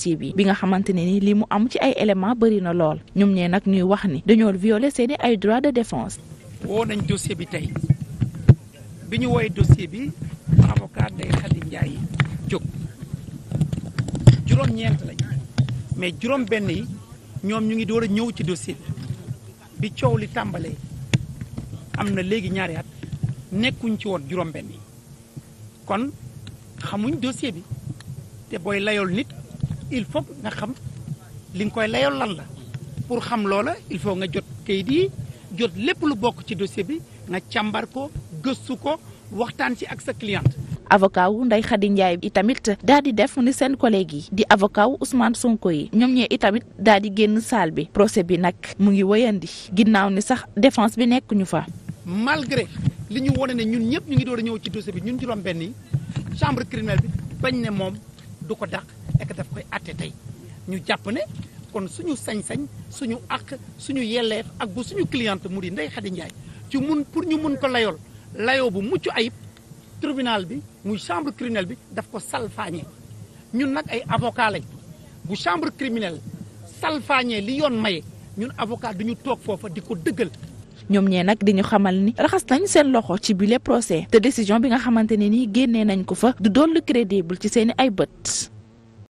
TV bi nga xamante ne ni li mu am ci ay éléments bëri na lool ñoom ñee nag ñuy wax ni dañoo violer seeni ay droits de défense. woo nañ dossier bi tey bi ñu woowee dossier bi avocat day Xadi yi jóg juróom-ñeent lañ mais juróom-benn yi ñoom ñu ngi door a ñëw ci dossier bi bi coow li tàmbalee am na léegi ñaari at nekkuñ ci woon juróom-benn yi kon xamuñ dossier bi te booy layool nit il faut nga xam li nga koy layoon lan la pour xam loola il faut nga jot kayit yi jot lépp lu bokk ci dossier bi nga càmbar ko gëstu ko waxtaan si ak sa cliente. avocat wu Ndeye Khady bi itamit daal di def ni seen collègue yi di avocat wu Ousmane Sonko yi ñoom ñee itamit daal di génn salle bi procès bi nag mu ngi wëyandi ginnaaw ni sax défense bi nekk ñu fa. malgré li ñu wone ne ñun ñëpp ñu ngi doon a ñëw ci dossier bi ñun juróom-benn yi chambre criminelle bi bañ moom. du ko dàq ek daf koy atte tey ñu jàpp ne kon suñu sañ-sañ suñu àq suñu yelleef ak bu suñu cliente mu di Ndeye Khady Ndiaye ci mun pour ñu mun ko layool layoo bu mucc ayib tribunal bi muy chambre criminelle bi daf ko salfaañe ñun nag ay avocat lañ bu chambre criminelle salfaañe li yoon maye ñun avocat duñu toog foofa di ko dëggal ñoom ñee nag di ñu xamal ni raxas nañ seen loxo ci bile procès te décision bi nga xamante ne nii génnee nañ ko fa du doon lu crédible ci seeni ay bët.